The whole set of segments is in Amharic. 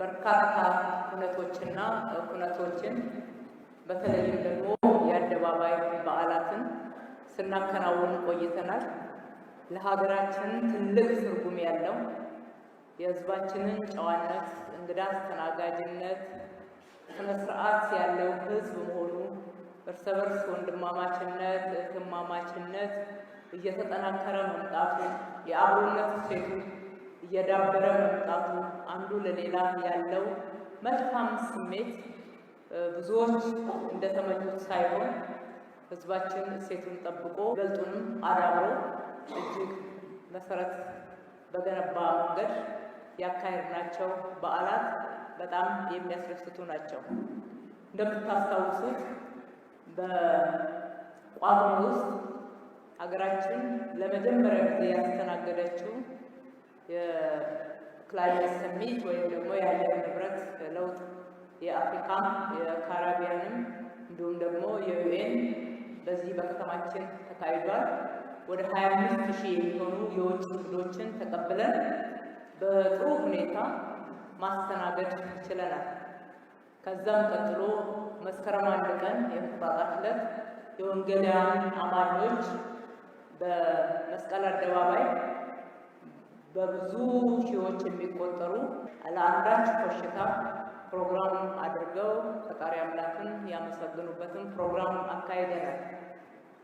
በርካታ ሁነቶችና ሁነቶችን በተለይም ደግሞ የአደባባይ በዓላትን ስናከናውን ቆይተናል። ለሀገራችን ትልቅ ትርጉም ያለው የሕዝባችንን ጨዋነት፣ እንግዳ አስተናጋጅነት፣ ስነ ስርዓት ያለው ሕዝብ መሆኑ እርስ በርስ ወንድማማችነት፣ እህትማማችነት እየተጠናከረ መምጣቱ የአብሮነት ሴቱ እየዳበረ መምጣቱ አንዱ ለሌላ ያለው መልካም ስሜት ብዙዎች እንደተመኙት ሳይሆን ህዝባችን እሴቱን ጠብቆ ገልጡንም አዳብሮ እጅግ መሰረት በገነባ መንገድ ያካሄድናቸው በዓላት በጣም የሚያስደስቱ ናቸው። እንደምታስታውሱት በቋሙ ውስጥ ሀገራችን ለመጀመሪያ ጊዜ ያስተናገደችው የክላይሜት ሰሚት ወይም ደግሞ የአየር ንብረት ለውጥ የአፍሪካም የካራቢያንም እንዲሁም ደግሞ የዩኤን በዚህ በከተማችን ተካሂዷል። ወደ 25 ሺህ የሚሆኑ የውጭ እንግዶችን ተቀብለን በጥሩ ሁኔታ ማስተናገድ ችለናል። ከዛም ቀጥሎ መስከረም አንድ ቀን የምትባቃት ዕለት የወንጌላውያን አማኞች በመስቀል አደባባይ በብዙ ሺዎች የሚቆጠሩ ለአንዳች ኮሽታ ፕሮግራም አድርገው ፈጣሪ አምላክን ያመሰግኑበትን ፕሮግራም አካሂደናል።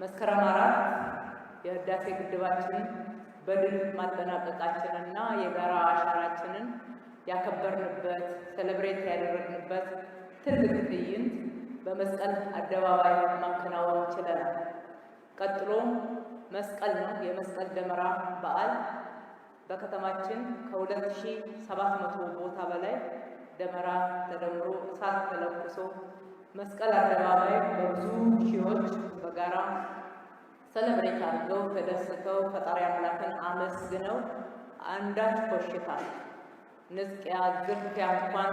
መስከረም አራት የህዳሴ ግድባችንን በድል ማጠናቀቃችንና የጋራ አሻራችንን ያከበርንበት ሴሌብሬት ያደረግንበት ትልቅ ትዕይንት በመስቀል አደባባይ ማከናወን ችለናል። ቀጥሎ መስቀል ነው። የመስቀል ደመራ በዓል በከተማችን ከ2700 ቦታ በላይ ደመራ ተደምሮ እሳት ተለኩሶ መስቀል አደባባይ በብዙ ሺዎች በጋራ ሰለብሬት አድርገው ተደስተው ፈጣሪ አምላክን አመስግነው አንዳች ኮሽታ ንጥቂያ፣ ዝርፊያ እንኳን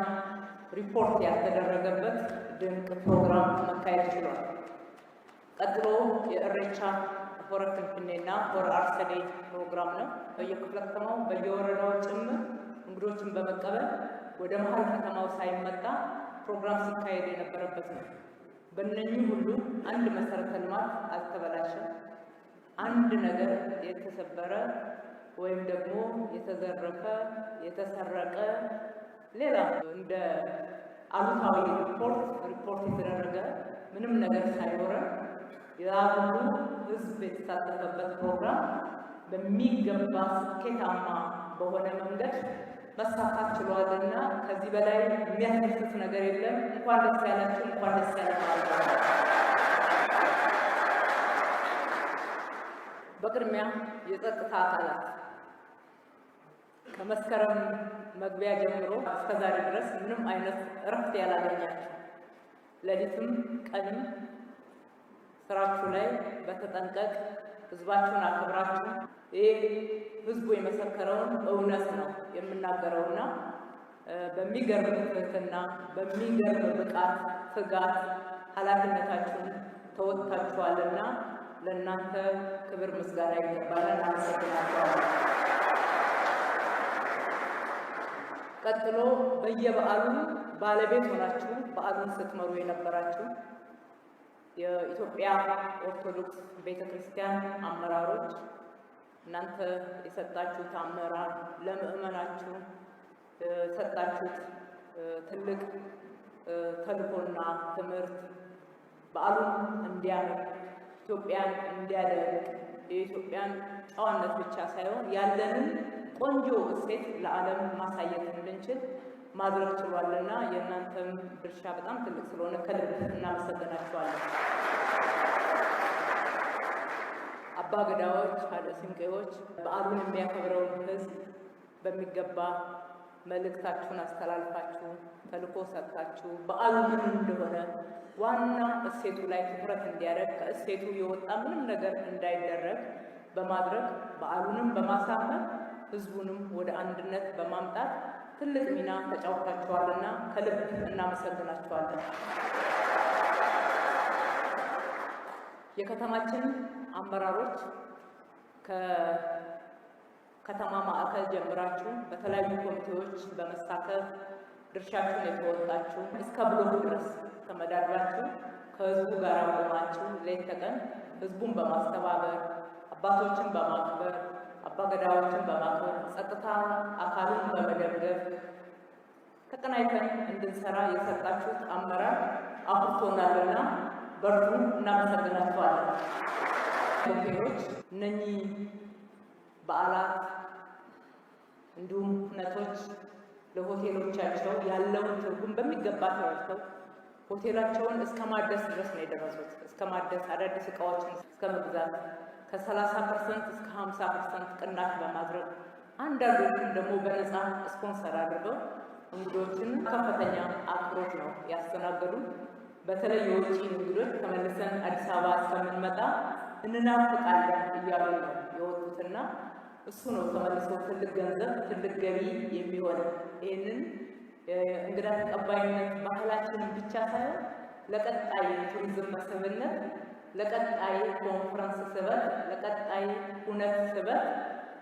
ሪፖርት ያልተደረገበት ድንቅ ፕሮግራም መካሄድ ችሏል። ቀጥሎ የእሬቻ ሆረ ክንፍኔና ሆረ አርሰዴ ፕሮግራም ነው። በየክፍለ ከተማው በየወረዳው ጭምር እንግዶችን በመቀበል ወደ መሀል ከተማው ሳይመጣ ፕሮግራም ሲካሄድ የነበረበት ነው። በእነኚህ ሁሉ አንድ መሰረተ ልማት አልተበላሸም። አንድ ነገር የተሰበረ ወይም ደግሞ የተዘረፈ፣ የተሰረቀ ሌላ እንደ አሉታዊ ሪፖርት ሪፖርት የተደረገ ምንም ነገር ሳይኖረን የአሁኑ ህዝብ የተሳተፈበት ፕሮግራም በሚገባ ስኬታማ በሆነ መንገድ መሳካት ችሏልና ከዚህ በላይ የሚያስደስት ነገር የለም። እንኳን ደስ ያላችሁ፣ እንኳን ደስ ያላችሁ። በቅድሚያ የጸጥታ አካላት ከመስከረም መግቢያ ጀምሮ እስከዛሬ ድረስ ምንም አይነት እረፍት ያላገኛችሁ ሌሊትም ቀንም ስራችሁ ላይ በተጠንቀቅ ህዝባችሁን አክብራችሁ ይህ ህዝቡ የመሰከረውን እውነት ነው የምናገረውና በሚገርም ትህትና፣ በሚገርም ብቃት፣ ትጋት ኃላፊነታችሁን ተወጥታችኋልና ለእናንተ ክብር ምስጋና ይገባለን። አመሰግናቸዋል። ቀጥሎ በየበዓሉ ባለቤት ሆናችሁ በዓሉን ስትመሩ የነበራችሁ የኢትዮጵያ ኦርቶዶክስ ቤተክርስቲያን አመራሮች፣ እናንተ የሰጣችሁት አመራር ለምእመናችሁ የሰጣችሁት ትልቅ ተልእኮና ትምህርት በዓሉን እንዲያምር ኢትዮጵያን እንዲያደርግ የኢትዮጵያን ጨዋነት ብቻ ሳይሆን ያለንን ቆንጆ እሴት ለዓለም ማሳየት እንድንችል ማድረግ እና የእናንተም ድርሻ በጣም ትልቅ ስለሆነ ከልብ እናመሰግናችኋለን። አባ ገዳዎች፣ ሀደ ሲንቄዎች፣ በዓሉን የሚያከብረውን ህዝብ በሚገባ መልእክታችሁን አስተላልፋችሁ ተልኮ ሰጥታችሁ በዓሉ ምን እንደሆነ ዋና እሴቱ ላይ ትኩረት እንዲያደርግ ከእሴቱ የወጣ ምንም ነገር እንዳይደረግ በማድረግ በዓሉንም በማሳመር ህዝቡንም ወደ አንድነት በማምጣት ትልቅ ሚና ተጫውታችኋልና ከልብ እናመሰግናችኋለን። የከተማችን አመራሮች ከከተማ ማዕከል ጀምራችሁ በተለያዩ ኮሚቴዎች በመሳተፍ ድርሻችሁን የተወጣችሁ እስከ ብሎክ ድረስ ተመዳድራችሁ ከህዝቡ ጋር በማችሁ ሌት ተቀን ህዝቡን በማስተባበር አባቶችን በማክበር አባገዳዎችን በማክበር ጸጥታ አካልን በመደብደብ ተቀናይተን እንድንሰራ የሰጣችሁት አመራር አኩርቶናልና በርቱ፣ እናመሰግናቸዋለን። ሾፌሮች እነኚህ በዓላት እንዲሁም ሁነቶች ለሆቴሎቻቸው ያለውን ትርጉም በሚገባ ተረድተው ሆቴላቸውን እስከ ማደስ ድረስ ነው የደረሱት። እስከ ማደስ አዳዲስ እቃዎችን እስከ መግዛት ከ30 ፐርሰንት እስከ 50 ፐርሰንት ቅናሽ በማድረግ አንዳንዶቹን ደግሞ በነፃ ስፖንሰር አድርገው እንግዶችን ከፍተኛ አክብሮት ነው ያስተናገዱ። በተለይ የውጭ እንግዶች ተመልሰን አዲስ አበባ እስከምንመጣ እንናፍቃለን እያሉ ነው የወጡትና እሱ ነው ተመልሶ ትልቅ ገንዘብ ትልቅ ገቢ የሚሆን። ይህንን እንግዳ ተቀባይነት ባህላችንን ብቻ ሳይሆን ለቀጣይ ቱሪዝም መስህብነት ለቀጣይ ኮንፈረንስ ስበት፣ ለቀጣይ እውነት ስበት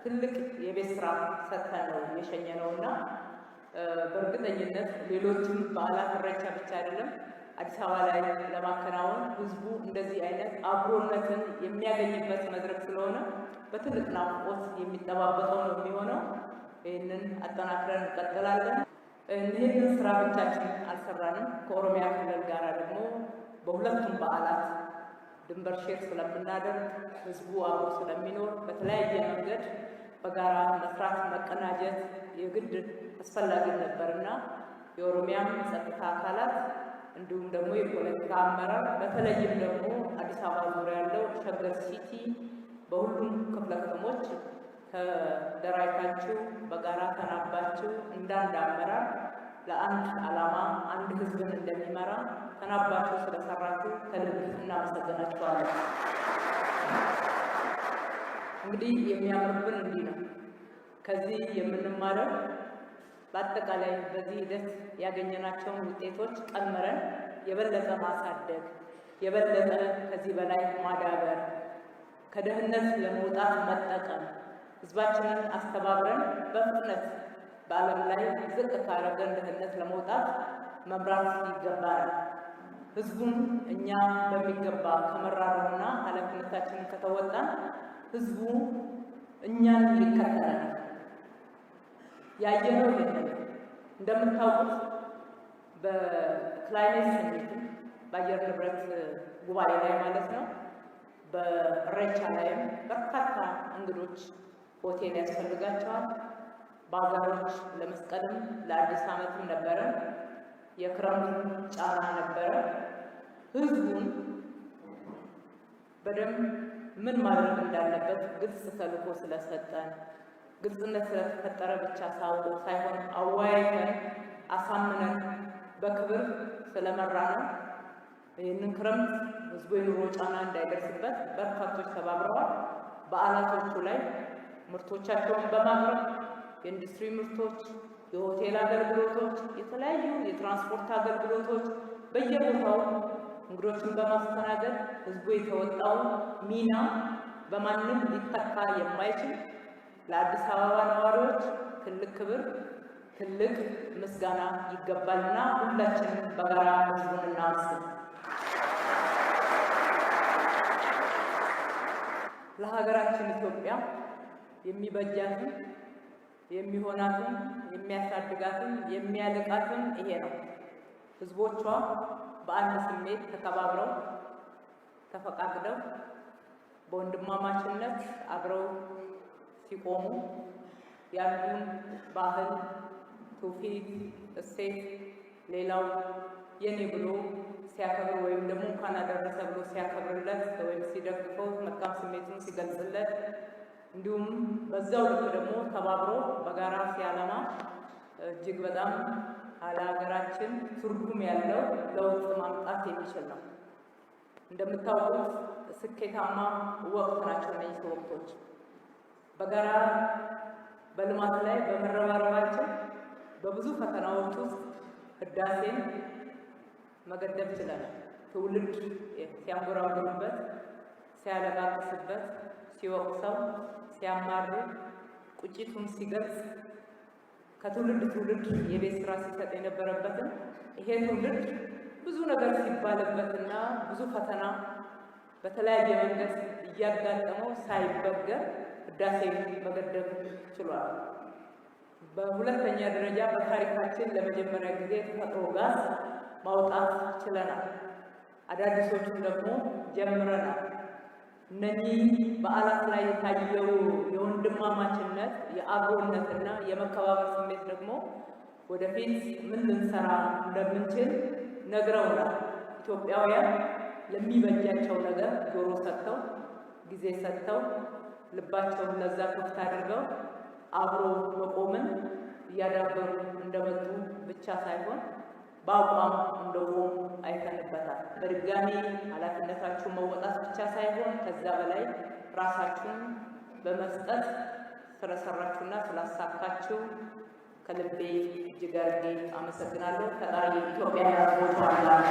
ትልቅ የቤት ስራ ሰጥተን ነው የሸኘ ነው እና በእርግጠኝነት ሌሎችም በዓላት እረቻ ብቻ አይደለም አዲስ አበባ ላይ ለማከናወን ህዝቡ እንደዚህ አይነት አብሮነትን የሚያገኝበት መድረክ ስለሆነ በትልቅ ናፍቆት የሚጠባበቀው ነው የሚሆነው። ይህንን አጠናክረን እንቀጥላለን። ይህንን ስራ ብቻችን አልሰራንም። ከኦሮሚያ ክልል ጋር ደግሞ በሁለቱም በዓላት ድንበር ሼር ስለምናደርግ ህዝቡ አብሮ ስለሚኖር በተለያየ መንገድ በጋራ መስራት መቀናጀት የግድ አስፈላጊ ነበርና የኦሮሚያም ጸጥታ አካላት እንዲሁም ደግሞ የፖለቲካ አመራር በተለይም ደግሞ አዲስ አበባ ዙሪያ ያለው ሸገር ሲቲ በሁሉም ክፍለ ከተሞች ተደራጅታችሁ በጋራ ተናባችሁ እንዳንድ አመራር ለአንድ ዓላማ አንድ ህዝብን እንደሚመራ ተናባችሁ ስለሰራችሁ ከልብ እናመሰግናችኋለን። እንግዲህ የሚያምርብን እንዲህ ነው። ከዚህ የምንማረው በአጠቃላይ በዚህ ሂደት ያገኘናቸውን ውጤቶች ቀምረን የበለጠ ማሳደግ፣ የበለጠ ከዚህ በላይ ማዳበር፣ ከድህነት ለመውጣት መጠቀም፣ ህዝባችንን አስተባብረን በፍጥነት በዓለም ላይ ዝቅ ካረገ ድህነት ለመውጣት መብራት ይገባል። ህዝቡም እኛ በሚገባ ከመራረና ኃላፊነታችንን ከተወጣን ህዝቡ እኛን ይከተላል። ያየነው ይሄንን እንደምታውቁት በክላይሜት ሰሚት በአየር ንብረት ጉባኤ ላይ ማለት ነው። በእሬቻ ላይም በርካታ እንግዶች ሆቴል ያስፈልጋቸዋል። ባዛሮች ለመስቀልም ለአዲስ ዓመትም ነበረ። የክረምት ጫና ነበረ። ህዝቡን በደንብ ምን ማድረግ እንዳለበት ግልጽ ተልዕኮ ስለሰጠን ግልጽነት ስለተፈጠረ ብቻ ሳውቆ ሳይሆን አወያይተን አሳምነን በክብር ስለመራ ነው። ይህንን ክረምት ህዝቡ የኑሮ ጫና እንዳይደርስበት በርካቶች ተባብረዋል። በዓላቶቹ ላይ ምርቶቻቸውን በማቅረብ የኢንዱስትሪ ምርቶች፣ የሆቴል አገልግሎቶች፣ የተለያዩ የትራንስፖርት አገልግሎቶች በየቦታው እንግዶችን በማስተናገድ ህዝቡ የተወጣው ሚና በማንም ሊተካ የማይችል ለአዲስ አበባ ነዋሪዎች ትልቅ ክብር ትልቅ ምስጋና ይገባልና ሁላችንም በጋራ ህዝቡን እናመስግን። ለሀገራችን ኢትዮጵያ የሚበጃትን የሚሆናትም የሚያሳድጋትም የሚያለቃትም ይሄ ነው። ህዝቦቿ በአንድ ስሜት ተከባብረው ተፈቃቅደው በወንድማማችነት አብረው ሲቆሙ ያሉን ባህል፣ ትውፊት፣ እሴት ሌላው የኔ ብሎ ሲያከብር ወይም ደግሞ እንኳን አደረሰ ብሎ ሲያከብርለት ወይም ሲደግፈው መልካም ስሜቱን ሲገልጽለት እንዲሁም በዛው ልክ ደግሞ ተባብሮ በጋራ ሲያለማ እጅግ በጣም ለሀገራችን ትርጉም ያለው ለውጥ ማምጣት የሚችል ነው። እንደምታውቁት ስኬታማ ወቅት ናቸው እነዚህ ወቅቶች። በጋራ በልማት ላይ በመረባረባችን በብዙ ፈተናዎች ውስጥ ህዳሴን መገደብ ችለናል። ትውልድ ሲያንጎራጉሩበት፣ ሲያለቃቅስበት፣ ሲወቅሰው ሲያማሩ ቁጭቱን ሲገልጽ ከትውልድ ትውልድ የቤት ስራ ሲሰጥ የነበረበትን ይሄ ትውልድ ብዙ ነገር ሲባልበትና ብዙ ፈተና በተለያየ መንገድ እያጋጠመው ሳይበገር ህዳሴ መገደብ ችሏል። በሁለተኛ ደረጃ በታሪካችን ለመጀመሪያ ጊዜ ተፈጥሮ ጋዝ ማውጣት ችለናል። አዳዲሶቹን ደግሞ ጀምረናል። እነዚህ በዓላት ላይ የታየው የወንድማማችነት የአብሮነትና የመከባበር ስሜት ደግሞ ወደፊት ምን ልንሰራ እንደምንችል ነግረውናል። ኢትዮጵያውያን ለሚበጃቸው ነገር ጆሮ ሰጥተው ጊዜ ሰጥተው ልባቸውን ለዛ ክፍት አድርገው አብሮ መቆምን እያዳበሩ እንደመጡ ብቻ ሳይሆን በአቋም እንደቆም አይተንበታል። በድጋሚ ኃላፊነታችሁን መወጣት ብቻ ሳይሆን ከዛ በላይ ራሳችሁን በመስጠት ስለሰራችሁና ስላሳካችሁ ከልቤ እጅግ አድርጌ አመሰግናለሁ። ፈጣሪ ኢትዮጵያ ያቦታላ